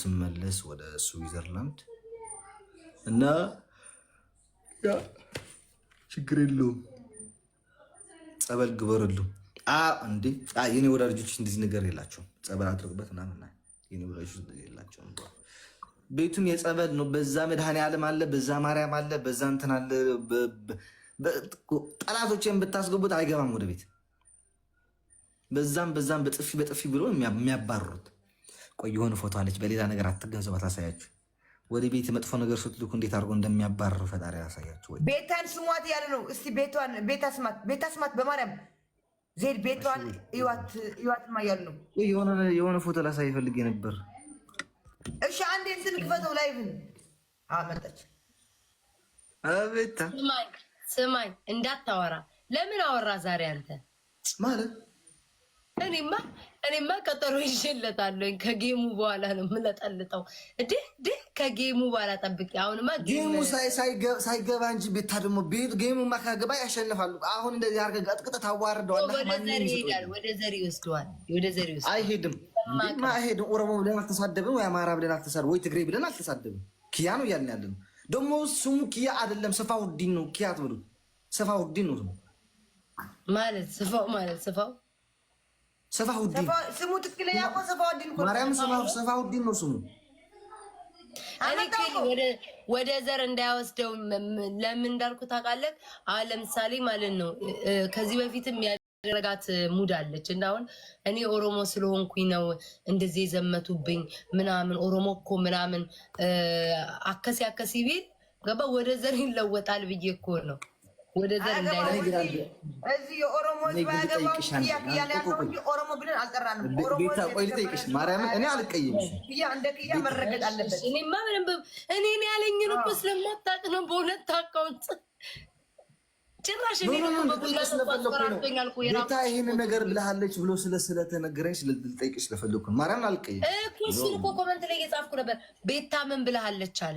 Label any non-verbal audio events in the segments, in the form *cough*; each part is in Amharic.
ስመለስ ወደ ስዊዘርላንድ እና ያ ችግር የለውም ጸበል ግበረሉ እንዴ የኔ ወዳጆች እንደዚህ ነገር የላቸውም። ጸበል አድርግበት ምናምን የኔ ወዳጆች የላቸውም። ቤቱም የጸበል ነው። በዛ መድኃኔ ዓለም አለ፣ በዛ ማርያም አለ፣ በዛ እንትን አለ። ጠላቶችን ብታስገቡት አይገባም ወደ ቤት። በዛም በዛም በጥፊ በጥፊ ብሎ የሚያባርሩት ቆይ የሆነ ፎቶ አለች፣ በሌላ ነገር አትገንዘባት፣ አሳያችሁ። ወደ ቤት መጥፎ ነገር ስትልኩ እንዴት አድርጎ እንደሚያባርር ፈጣሪ ያሳያችሁ። ወይ ቤታን ስሟት ያለ ነው። እስቲ ቤቷን ቤታ ስማት፣ ቤታ ስማት፣ በማርያም ዜድ ቤቷን እዩዋትማ እያሉ ነው። የሆነ ፎቶ ላሳይ ፈልጌ ነበር። እሺ አንዴ እንትን ክፈተው፣ ላይቭን አመጣች። አቤታ ስማኝ፣ ስማኝ እንዳታወራ። ለምን አወራ ዛሬ አንተ ማለት እኔማ እኔማ ቀጠሮ ይዤለታለሁ። ከጌሙ በኋላ ነው የምለጠልጠው። እዴ ዴ ከጌሙ በኋላ ጠብቂ። አሁንማ ጌሙ ሳይገባ እንጂ ቤታ ደግሞ ጌሙማ ከገባ ያሸንፋሉ። አሁን እንደዚህ አድርገህ ቀጥቅጠህ ታዋርደዋለህ። ወደ ዘር ይወስደዋል። ወደ ዘር ይወስደዋል። አይሄድም። አይሄድም። ኦሮሞ ብለን አልተሳደብም ወይ አማራ ብለን አልተሳደብም ወይ ትግሬ ብለን አልተሳደብም። ኪያ ነው እያልን ያለ ነው። ደግሞ ስሙ ኪያ አይደለም ሰፋውዲን ነው። ኪያ ትብሉ ሰፋውዲን ነው ማለት ስፋው ማለት ስፋው ሰፋሁዲን ስሙ ትክክለኛ እኮ ሰፋሁዲን እኮ ማርያም ሰፋሁዲን ነው ስሙ። ወደ ዘር እንዳይወስደው ለምን እንዳልኩ ታውቃለህ? አሁን ለምሳሌ ማለት ነው ከዚህ በፊትም ያደረጋት ሙድ አለች። እንዳሁን እኔ ኦሮሞ ስለሆንኩኝ ነው እንደዚህ የዘመቱብኝ ምናምን፣ ኦሮሞ እኮ ምናምን አከሲ አከሲ ቢል ገባ ወደ ዘር ይለወጣል ብዬ እኮ ነው ወደ ዘር እንዳይለኝ እዚህ የኦሮሞ ህዝብ ያለው ኦሮሞ ብለን አልጠራንም። ቤታ ቆይ ልጠይቅሽ፣ ማርያምን እኔ አልቀይምሽ። ያ እንደ መረገጥ አለበት። እኔማ ምንም እኔ ያለኝን እኮ ስለማታውቅ ነው በእውነት አካውንት ጭራሽ እኔ ነው ነገር ብለሃለች ብሎ ስለ ስለተነገረሽ ልጠይቅሽ ለፈለኩኝ ማርያምን አልቀይም እኮ እሱን እኮ ኮመንት ላይ እየጻፍኩ ነበር። ቤታ ምን ብለሃለች አለ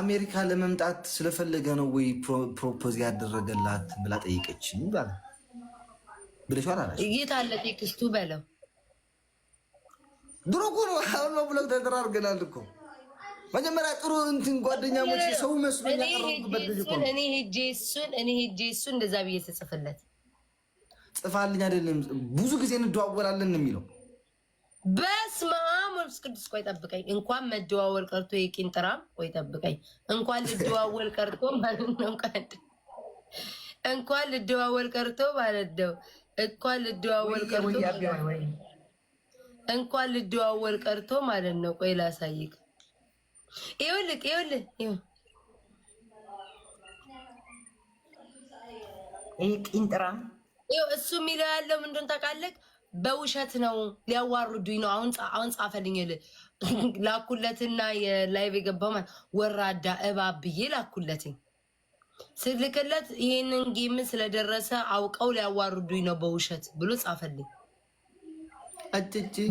አሜሪካ ለመምጣት ስለፈለገ ነው ወይ ፕሮፖዝ ያደረገላት ብላ ጠይቀችኝ ይባል ብለሽዋል አለ። የት አለ ቴክስቱ በለው። ድሮ እኮ ነው አሁን ነው ብለው ተደራርገናል እኮ መጀመሪያ ጥሩ እንትን ጓደኛሞች ሰው መስሎኝ እኔ ሄጄ እሱን እኔ ሄጄ እሱን እንደዛ ብዬ ተጽፍለት ጽፋልኝ አይደለም ብዙ ጊዜ እንደዋወላለን የሚለው መንፈስ ቅዱስ ቆይ ጠብቀኝ። እንኳን መደዋወል ቀርቶ የቂን ጥራም ቆይ ጠብቀኝ። እንኳን ልደዋወል ቀርቶ ማለት ነው እንኳን ልደዋወል ቀርቶ ማለት ነው እንኳን ልደዋወል ቀርቶ እንኳን ልደዋወል ቀርቶ ማለት ነው። ቆይ ላሳይቅ። ይኸውልህ ይኸውልህ ይህ ቂንጥራ እሱ የሚለው ያለው ምንድን ታውቃለህ? በውሸት ነው ሊያዋርዱኝ ነው። አሁን ጻፈልኝ *laughs* ላኩለትና የላይቭ የገባው ወራዳ እባብ ብዬ ላኩለትኝ ስልክለት ይህንን ጌምን ስለደረሰ አውቀው ሊያዋርዱኝ ነው በውሸት ብሎ ጻፈልኝ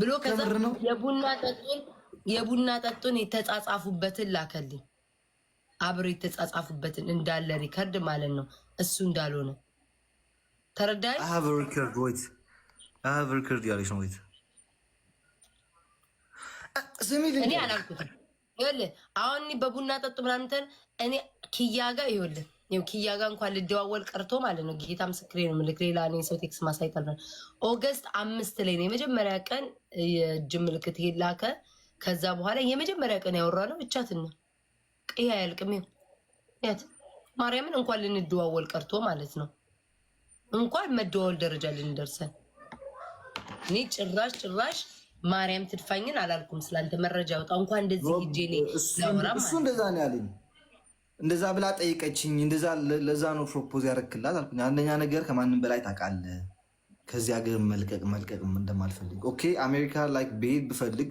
ብሎ የቡና ጠጡን የቡና ጠጡን የተጻጻፉበትን ላከልኝ አብሮ የተጻጻፉበትን እንዳለ ሪከርድ ማለት ነው። እሱ እንዳልሆነ ተረዳይ አይ ብርክርድ ያለች ነው እኔ አላልኩትም። አሁን በቡና ጠጡ ምናምን እኔ ኪያ ይኸውልህ ኪያ ጋር እንኳን ልደዋወል ቀርቶ ማለት ነው። ጌታ ምስክሬ ነው። ምልክ ሌላ እኔ ሰው ቴክስ ኦገስት አምስት ላይ ነው የመጀመሪያ ቀን የእጅ ምልክት ላከ። ከዛ በኋላ የመጀመሪያ ቀን ያወራ ነው ነው ቅያ ያልቅም ያት ማርያምን እንኳን ልንደዋወል ቀርቶ ማለት ነው እንኳን መደዋወል ደረጃ ልንደርሰን እኔ ጭራሽ ጭራሽ ማርያም ትድፋኝን አላልኩም። ስላንተ መረጃ ወጣ እንኳ እንደዚህ ሂጄ እኔ እሱ እንደዛ ነው ያለኝ። እንደዛ ብላ ጠይቀችኝ። እንደዛ ለዛ ነው ፕሮፖዝ ያደረክላት አልኩኝ። አንደኛ ነገር ከማንም በላይ ታውቃለህ ከዚህ ሀገር መልቀቅ መልቀቅ እንደማልፈልግ ኦኬ። አሜሪካ ላይክ ብሄድ ብፈልግ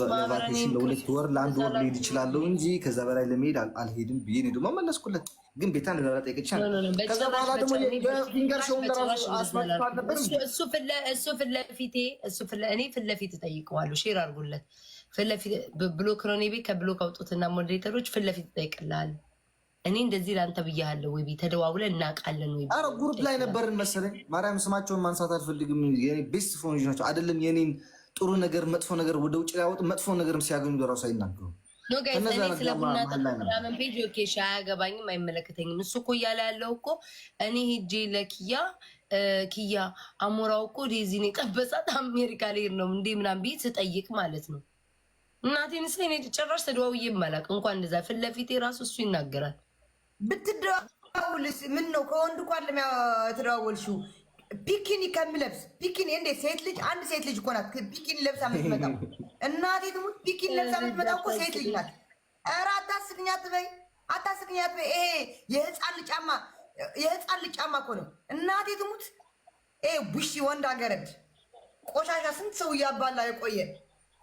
ለቫኬሽን ለሁለት ወር ለአንድ ወር ልሄድ እችላለሁ እንጂ ከዛ በላይ ለመሄድ አልሄድም ብዬ ነው ደግሞ መለስኩለት። ግን ቤታ ለላ ጠይቅቻል። ከዛ በኋላ ደግሞ ፊንገር ሾውን ለራሱ አስማት አልነበርም። እሱ ፊት ለፊቴ እሱ እኔ ፊት እጠይቀዋለሁ። ሼር አድርጉለት ፊት ብሎክ ነው። እኔ ቤት ከብሎክ አውጡትና ሞዴሬተሮች ፍለፊት ለፊት እኔ እንደዚህ ለአንተ ብያለሁ ወይ ተደዋውለ ተደዋውለን እናውቃለን ወይ? ኧረ ጉሩፕ ላይ ነበርን መሰለኝ። ማርያም ስማቸውን ማንሳት አልፈልግም። ቤስት ፎን ናቸው አይደለም የኔን ጥሩ ነገር መጥፎ ነገር ወደ ውጭ ላያወጡ መጥፎ ነገርም ሲያገኙ ለራሱ አይናገሩም። ስለቡናምን ፔጅ ኬሻ አያገባኝም፣ አይመለከተኝም። እሱ እኮ እያለ ያለው እኮ እኔ ሄጄ ለኪያ ኪያ አሞራው እኮ ዴዚን የጠበሳት አሜሪካ ልሄድ ነው እንዴ ምናምን ብዬ ስጠይቅ ማለት ነው። እናቴን ስ እኔ ጭራሽ ተደዋውዬ ማላቅ እንኳን እንደዛ ፊት ለፊቴ ራሱ እሱ ይናገራል። ብትደዋውልስ ምን ነው ከወንድ ኳን ለሚያተደዋወልሽው ፒኪኒ ከምለብስ ፒኪኒ እንዴት ሴት ልጅ አንድ ሴት ልጅ እኮ ናት ፒኪኒ ለብሳ የምትመጣው እናቴ ትሙት ቢኪ ለዛ የምትመጣ እኮ ሴት ልጅ ናት። ኧረ አታስቅኝ አትበይ፣ አታስቅኝ በይ። ይሄ የህፃን ልጅ ጫማ የህፃን ልጅ ጫማ እኮ ነው። እናቴ ትሙት ይሄ ቡሺ ወንድ አገረድ ቆሻሻ ስንት ሰው እያባላ የቆየ።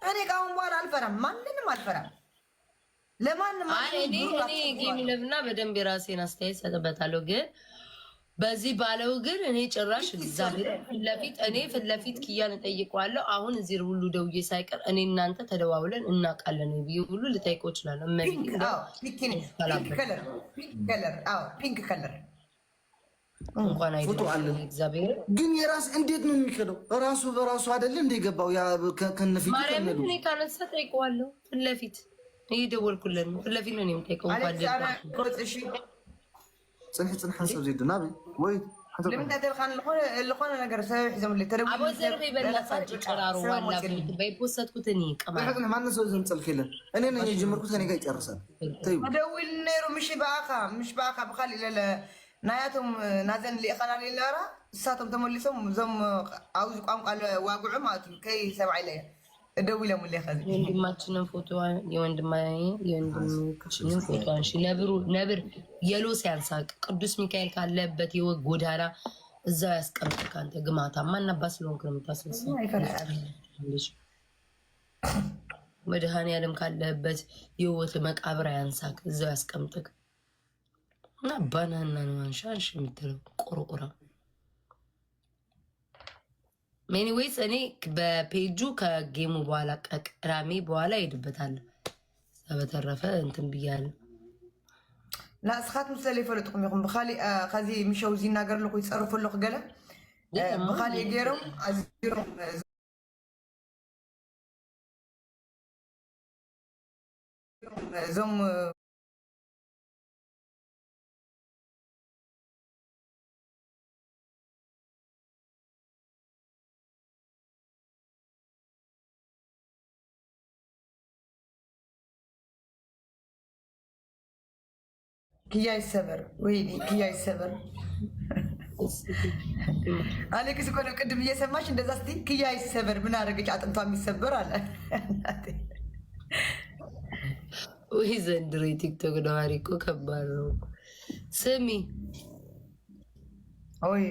እኔ ከአሁን በኋላ አልፈራም፣ ማንንም አልፈራም፣ ለማንም እኔ ጌም ለብና በደንብ የራሴን አስተያየት ሰጥበታለሁ ግን በዚህ ባለው ግን እኔ ጭራሽ እግዚአብሔር ለፊት እኔ ፍለፊት ኪያን እጠይቀዋለሁ። አሁን እዚህ ሁሉ ደውዬ ሳይቀር እኔ እናንተ ተደዋውለን እናውቃለን ብዬ ሁሉ ልጠይቀው እችላለሁ። ፒንክ ከለር እንኳን እግዚአብሔር ግን የራስ እንዴት ነው የሚክደው? ራሱ በራሱ አይደለ እንደ ገባው ከነፊት ማርያምን እኔ ካነሳ ጠይቀዋለሁ። ፍለፊት እየደወልኩለት ነው። ፍለፊት ነው እኔ የምጠይቀው እንኳን ፅንሒ ፅንሓ ሰብ ዘይዱ ናበይ ወይ ልምንታይ ተልካ ዝኾነ ነገር ሰብ ሒዞምለ ተደዊ ዘርቢ በላሳጭ ጨራሩ ዋላ በይቦሰትኩትን ቅማፅንሕ ማነ ሰብ ዘምፀልክ የለን እኔ ነ ጀመርኩት ከኔጋ ይጨርሰን ተደዊል ነይሩ ምሽ በኣኻ ምሽ በኣኻ ብካሊእ ለለ ናያቶም ናዘን ልኢኸና ሌላራ ንሳቶም ተመሊሶም እዞም ኣብዚ ቋንቋ ዋጉዑ ማለት እዩ ከይ ሰብዓኢለ እየ እደውይለሙልኝ ከዚህ የወንድማችንን ፎቶ የወንድማ ፎቶ አንሺ። ነብሩ ነብር የሎ ሲያንሳቅ ቅዱስ ሚካኤል ካለበት የወግ ጎዳና እዛው ያስቀምጥ። ከአንተ ግማታ ማናባ ስለሆንክ ነው የምታስመስለው። መድኃኔዓለም ካለበት የህይወት መቃብር አያንሳክ፣ እዛው ያስቀምጥክ እና ባናና ነው አንሺ አንሺ የምትለው ቆርቁራ ሜኒዌይስ እኔ በፔጁ ከጌሙ በኋላ ከቅዳሜ በኋላ ሄድበታለሁ። በተረፈ እንትን ብያለሁ። ንስኻትኩም ዝተለይፈለጥኩም ኢኹም ብካሊእ ከዚ ምሸው እዚ እናገር ኣለኩ ይፀርፉ ኣለኩ ገለ ብካሊእ ገይሮም ኣዚሮም እዞም ክያ ይሰበር ወይ ክያ ይሰበር። አሌክስ እኮ ነው ቅድም እየሰማች እንደዛ ስትይ ክያ ይሰበር። ምን አደረገች? አጥንቷ የሚሰበር አለ ወይ ዘንድሮ የቲክቶክ ነዋሪ እኮ ከባድ ነው። ስሚ ወይ